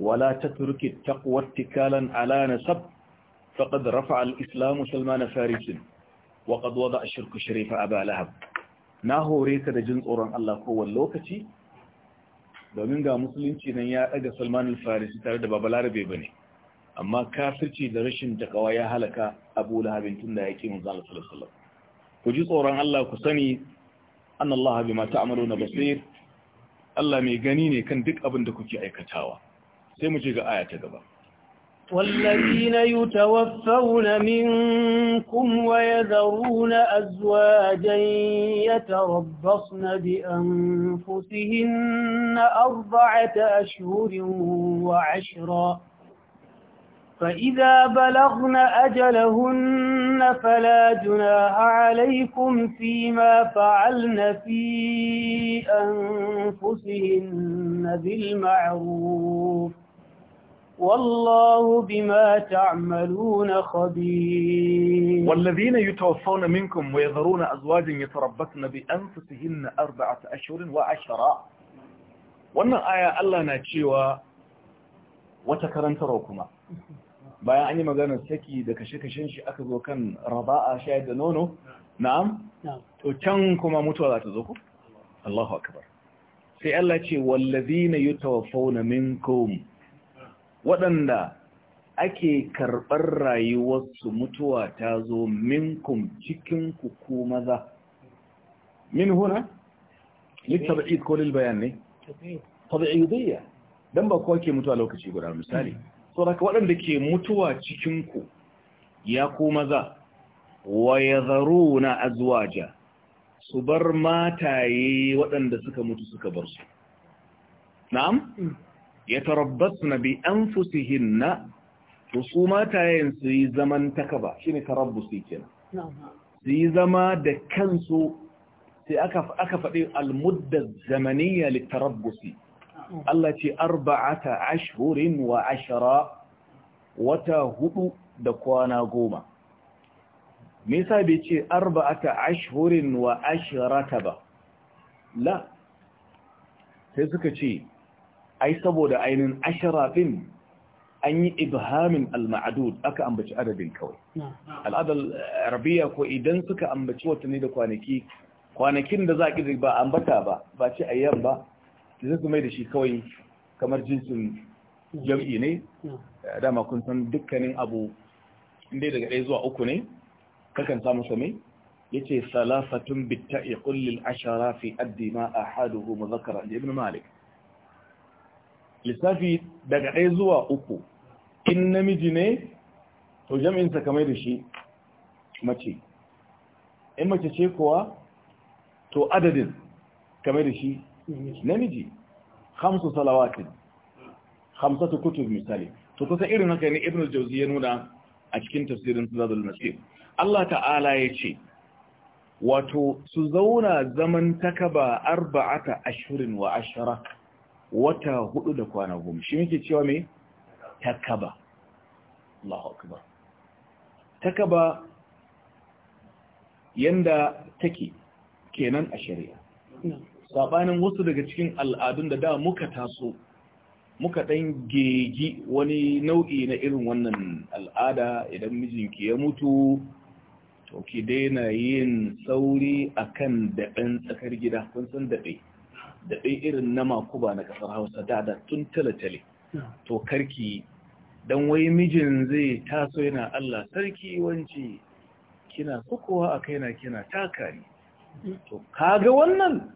wala tatruki taqwa ittikalan ala nasab faqad rafa'a al-islam Salman Faris wa qad ash-shirku sharifa aba lahab na hore ka da jin tsoron Allah kowanne lokaci domin ga musulunci nan ya ɗaga salman farisi tare da babu larabe ba ne amma kafirci da rashin takawa ya halaka abu lahabin tun da ya ƙi zala alasalasala ku ji tsoron allah ku sani an allah habi mata amalo na basir allah mai gani ne kan duk abin da kuke aikatawa sai mu ce ga aya ta gaba والذين يتوفون منكم ويذرون أزواجا يتربصن بأنفسهن أربعة أشهر وعشرا فإذا بلغن أجلهن فلا جناح عليكم فيما فعلن في أنفسهن بالمعروف والله بما تعملون خبير والذين يتوفون منكم ويذرون أزواج يتربطن بأنفسهن أربعة أشهر وعشرة wannan aya Allah na cewa wata karantarwa kuma bayan an yi maganar saki da kashe-kashen shi aka zo kan raba'a shayar da nono na'am to can kuma mutuwa za ta zo ku sai Allah ce wallazina yutawaffawna minkum waɗanda ake karɓar rayuwarsu mutuwa ta zo minkum cikinku ku maza min huna littaba'id ko lil bayan ne tabi'idiyya dan ba kowa ke mutuwa lokaci guda misali mm. so da waɗanda ke mutuwa cikinku ya ku maza wa yadharuna azwaja su bar mataye waɗanda suka mutu suka bar su na'am mm. ya tarabbasna bi anfusihinna to su matayen su yi zaman takaba shine tarabbusi kenan su yi zama da kansu sai aka aka faɗi almudda zamaniya litarabbusi Allah ce arba'ata ashirin wa ashira wata hudu da kwana goma me bai ce arba'ata ashirin wa ashrata ba la sai suka ce ai saboda ainihin ashirafin an yi ibhamin al-ma'adud aka ambaci adadin kawai al'adar Rabi'a ko idan suka ambaci watanni da kwanaki kwanakin da za a ƙidri ba ambata ba ba ce ayyan ba da su mai da shi kawai kamar jinsin jam'i ne eh, dama kun san dukkanin abu inda daga ɗaya zuwa uku ne kakan samu same ya ce salafatun bitta ya ƙullil ashara fi addi a haduhu mazakara ibn malik lissafi daga ɗaya zuwa uku in namiji ne to jami'insa kamar da shi mace in mace ce kuwa to adadin kamar da shi namiji hamsu salawatin hamsatu kutub misali to kusa irin haka ne ibn jauzi ya nuna a cikin tafsirin zadul masir Allah ta'ala ya ce wato su zauna zaman takaba arba'ata ashirin wa ashirar. wata hudu da kwana goma shi yake cewa mai takaba Allahu akbar takaba yanda take kenan a shari'a sabanin wasu daga cikin al'adun da da muka taso muka ɗan gegi wani nau'i na irin wannan al'ada idan mijinki ya mutu to ki daina yin sauri akan daɓen tsakar gida kun san daɗe da ɗai irin na makuba na ƙasar hausa da da tun talatale to karki don wai mijin zai taso yana allah sarki wanci kina kukowa a kaina kina taka ne. Mm. to kaga wannan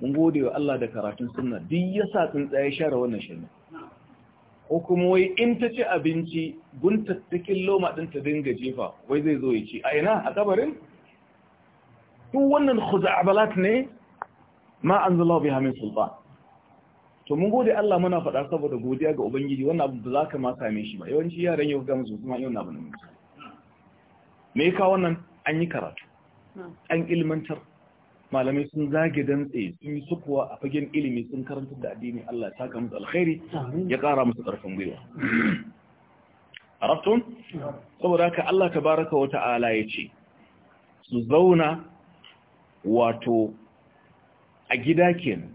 mun gode wa allah da karatun suna duk ya sa tsuntsaye share wannan shirin ko kuma wai in ta ci abinci guntattakin loma ɗin ta dinga jefa wai zai zo ya ci a ina a kabarin duk wannan khuzabalat ne ma anzalallahu bi hamin sultan to mun gode Allah muna faɗa saboda godiya ga ubangiji wannan abu ba za ka ma same shi ba yawanci yaran yau ga musu kuma yau na bana musu me ka wannan an yi karatu an ilmantar malamai sun zage dantse sun yi sukuwa a fagen ilimi sun karanta da addini Allah ya saka musu alkhairi ya ƙara musu ƙarfin gwiwa arabtun saboda haka Allah tabaraka wa ta'ala ya ce su zauna wato a gida kenan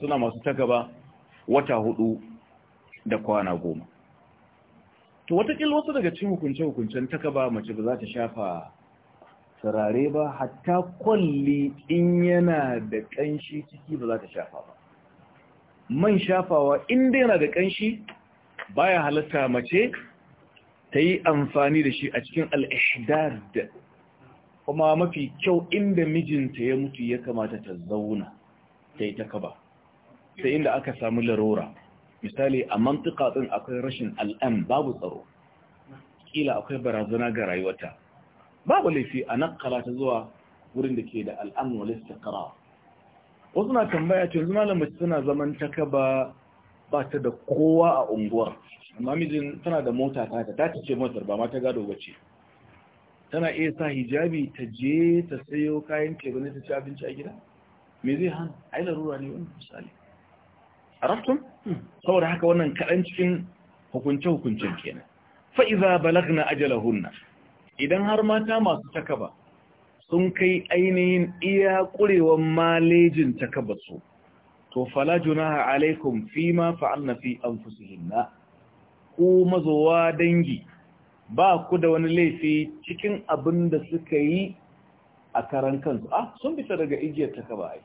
suna masu ta gaba wata hudu da kwana goma to watakil wasu daga cin hukunce-hukuncen ta gaba mace ba za ta shafa turare ba hatta kwalli in yana da kanshi ciki ba za ta shafa ba man shafawa inda yana da kanshi baya halatta mace ta yi amfani da shi a cikin da kuma mafi kyau inda mijinta ya mutu ya kamata ta zauna ta yi ta kaba sai inda aka samu larura misali a mantuka ɗin akwai rashin al'am babu tsaro kila akwai barazana ga rayuwata babu laifi a nakala ta zuwa wurin da ke da al'am wale istikara wasu na tambaya ce yanzu malam mace zaman ta kaba ba ta da kowa a unguwar amma mijin tana da mota ta ta ce motar ba ma ta gado bace tana iya sa hijabi ta je ta sayo kayan ke gani ta ci abinci a gida me zai hana ai larura ne wannan misali arabtum saboda haka wannan kaɗan cikin hukunce hukuncen kenan fa na balagna ajalahunna idan har mata masu takaba sun kai ainihin iya kurewan malejin su, to fala junaha alaikum fima fa'alna fi anfusihinna ko mazowa dangi ba ku da wani laifi cikin abin da suka yi a karan kansu a ah, sun bisa daga igiyar ta kaba ai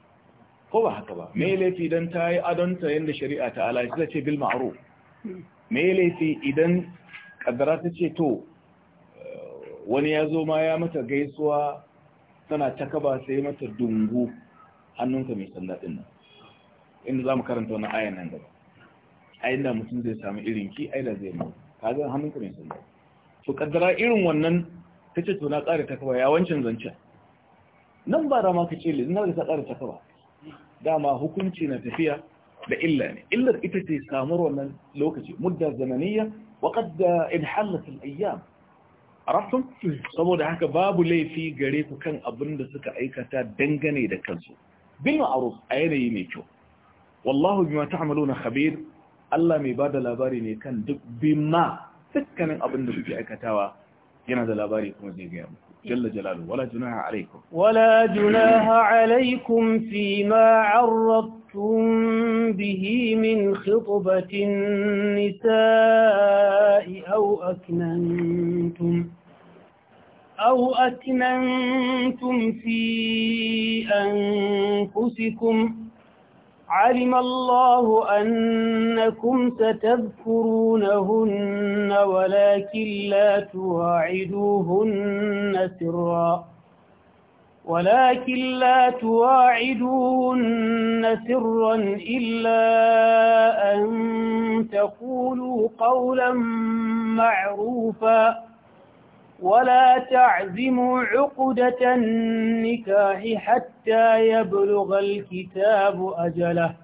ko ba haka ba me laifi idan ta yi adonta yadda shari'a ta ala ta ce bil ma'ruf me laifi idan kaddara ta ce to eh, wani ya zo ma ya mata gaisuwa tana ta kaba sai mata dungu hannunka mai sanda din nan inda zamu karanta wani ayan nan gaba ayin da mutum zai samu irin ki aida zai mu kaga hannunka mai sanda to kaddara irin wannan tace to na tsare ta kaba ya wancan zancen nan ba rama ka ce lizina da ta ƙara taka ba dama hukunci na tafiya da illa ne illar ita ce samuwar wannan lokaci mudda zananiya wa qadda in halat al ayyam arafum saboda haka babu laifi gare ku kan abin da suka aikata dangane da kansu bil ma'ruf a yanayi mai kyau wallahu bima ta'maluna khabir Allah mai bada labari ne kan duk bima dukkanin abin da kuke aikatawa yana da labari kuma zai ga mu جل جلاله ولا جناح عليكم ولا جناح عليكم فيما عرضتم به من خطبة النساء أو أكننتم أو أكننتم في أنفسكم علم الله أنكم ستذكرونهن ولكن لا تواعدوهن سرا ولكن لا تواعدوهن سرا إلا أن تقولوا قولا معروفا ولا تعزموا عقدة النكاح حتى يبلغ الكتاب أجله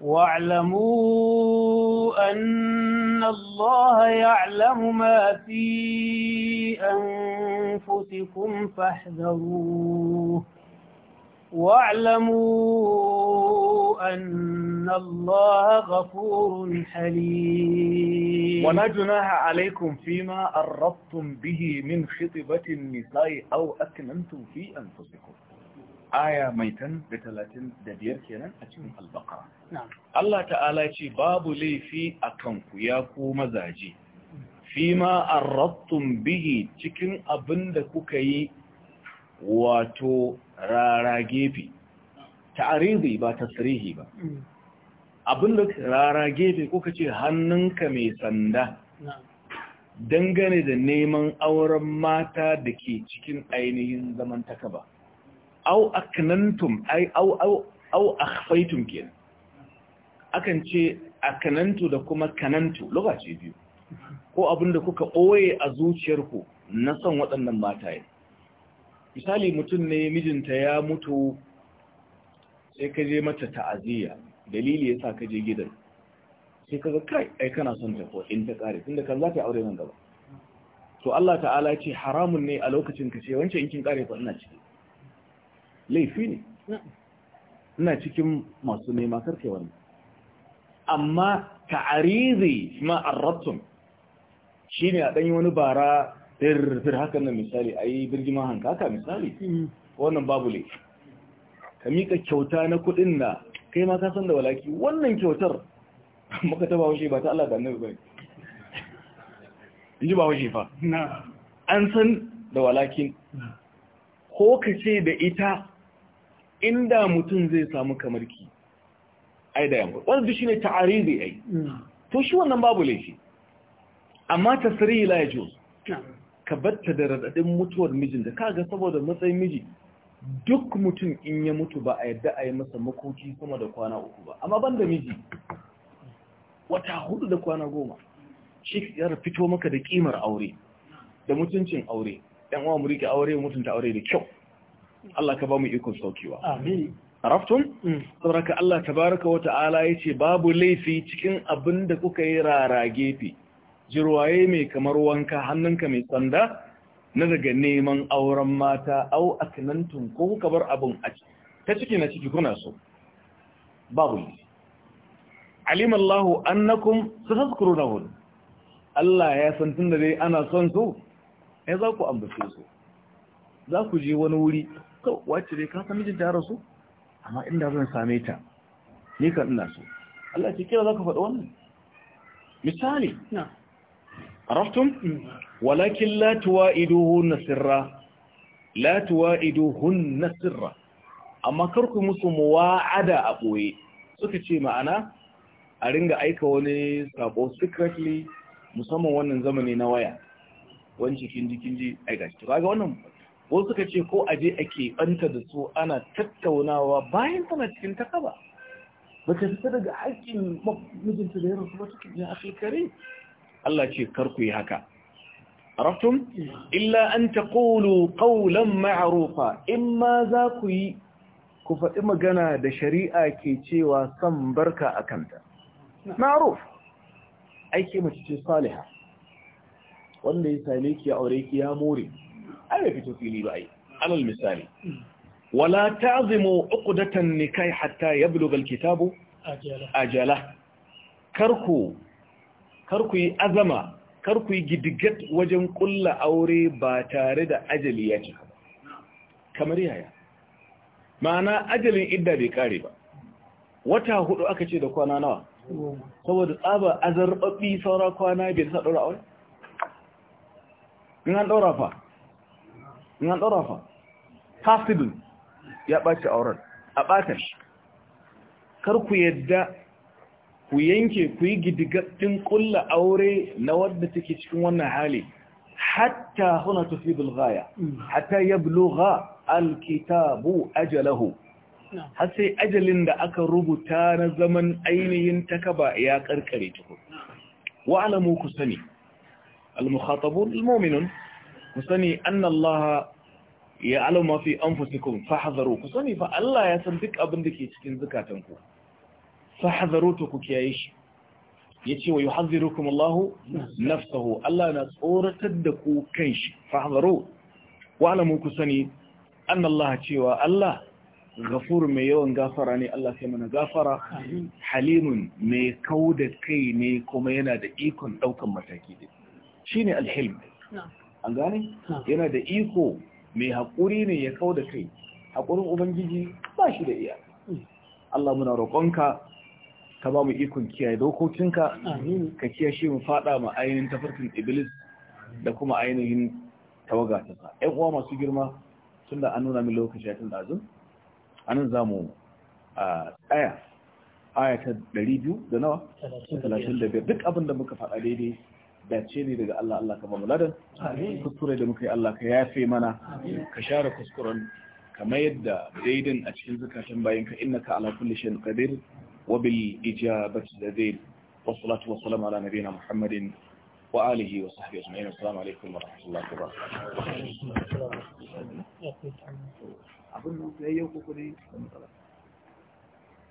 واعلموا أن الله يعلم ما في أنفسكم فاحذروه واعلموا أن الله غفور حليم ولا جناح عليكم فيما أردتم به من خطبة النساء أو أكننتم في أنفسكم آية ميتن بثلاثين دبير كنا أتم البقرة نعم الله تعالى باب لي في أكنكو ياكو مزاجي فيما أردتم به تكن أبندك كي واتو rara gefe ta'aridi ba tasrihi ba abinda rara gefe ko kace hannunka mai sanda dangane da neman auren mata da ke cikin ainihin taka ba au aknantum ai au au au akhfaytum akan ce akanantu da kuma kanantu lokaci biyu ko abinda kuka ɓoye a zuciyarku na son waɗannan mataye misali mutum ne mijinta ya mutu sai ka je mata ta'aziyya dalili ya sa ka je gidan sai ka ga kai ai kana son ta ko in ta kare tunda kan za ta aure nan gaba to Allah ta'ala ce haramun ne a lokacin ka ce wancan in kin kare ko ina ciki laifi ne ina cikin masu nema karke wannan amma ta'arizi ma arrabtum shine a dan wani bara fir hakan nan misali a yi birgiman hankaka misali mm. wannan babu ne ka miƙa kyauta na kuɗin na. kai ma ka san da walaki wannan kyautar maka ta bahaushe ba ta Allah da annabi bai inji bahaushe fa an san da walakin ko ka ce da ita inda mutum zai samu kamarki ai da yamma wanda shi ne da ai to shi wannan babu laifi amma tasiri la yajuz ka batta da radadin mutuwar mijin, mijinta kaga saboda matsayin miji duk mutum in ya mutu ba a yadda a yi masa makoki sama da kwana uku ba amma ban da miji wata hudu da kwana goma shi ya fito maka da kimar aure da mutuncin aure ɗan uwa mu aure mutunta aure da kyau Allah ka ba mu ikon saukewa amin raftun mm. saboda Allah tabaraka ala ya yace babu laifi cikin abinda kuka yi rara gefe jirwaye mai kamar wanka hannunka mai sanda na daga neman auren mata au akinantun ko kuka bar abin a ta ciki na ciki kuna so babu yi alimallahu annakum hudu Allah ya san tun da dai ana son su ya za ku ambace su za ku je wani wuri to wace dai ka san mijin ta rasu amma inda zan same ta ni kan ina so Allah ce kira za ka faɗi wannan misali na عرفتم ولكن لا توائدوهن سرا لا توائدوهن سرا اما كركم مواعدة ابوي سكتي معنا أرنغ ايكا وني سابو secretly musamman wannan zamani na waya wanci kinji kinji a gashi to kaga wannan wasu suka ce ko aje ake banta da su ana tattaunawa bayan tana cikin takaba ba ta fita daga haƙƙin mijinta da ya ba cikin ya Allah ce karku yi haka arabtum illa an taqulu qawlan ma'rufa imma za ku yi ku faɗi magana da shari'a ke cewa san barka akanta ma'ruf aiki mace ce saliha wanda ya same ki aure ki ya more ai bai fito fili ba ai alal misali wala ta'zimu uqdatan nikahi hatta yablugha alkitabu ajala ajala karku kar ku yi azama kar ku yi gidigat wajen kulla aure ba tare da ajali ya ci ba kamar yaya ma'ana ajalin idda bai kare ba wata hudu aka ce da kwana nawa saboda tsaba azarbabbi saura kwana bai sa daura aure in an daura fa in an daura fa possible ya ɓace auren a ɓata kar ku yadda ku yanke ku yi gidigattin kulla aure na wadda take cikin wannan hali hatta huna tufidul bulgaya hatta yablugha alkitabu ajalahu har sai ajalin da aka rubuta na zaman ainihin takaba ya karkare tuku wa alamu ku sani almukhatabun almu'minun ku sani annallaha ya alama fi anfusikum fahzaru ku sani fa Allah ya san duk abin da ke cikin zukatanku fahadharutu ku kiyaye shi yace wa yuhadhirukum Allah nafsuhu Allah na tsoratar da ku kanshi fahadharu wa alamu ku sani anna Allah cewa Allah ghafur mai yawan gafara ne Allah sai mana gafara halimun mai kauda kai ne kuma yana da ikon daukan mataki din shine alhilm an gane yana da iko mai haƙuri ne ya kauda kai haƙurin ubangiji ba shi da iya Allah muna roƙonka ka ba mu ikon kiyaye dokokinka ka kiyaye shi mu fada ma ainihin tafarkin iblis da kuma ainihin tawaga ta sa ƴan uwa masu girma tunda an nuna min lokaci tun da azun anan zamu a tsaya aya ta 200 da nawa 35 duk abin da muka faɗa daidai dace ne daga Allah Allah ka ba mu ladan kuskure da muka yi Allah ka yafe mana ka share kuskuren kamar yadda daidan a cikin zakatan bayan ka innaka ala kulli shay'in qadir وبالإجابة الذين والصلاة والسلام على نبينا محمد وآله وصحبه أجمعين والسلام عليكم ورحمة الله وبركاته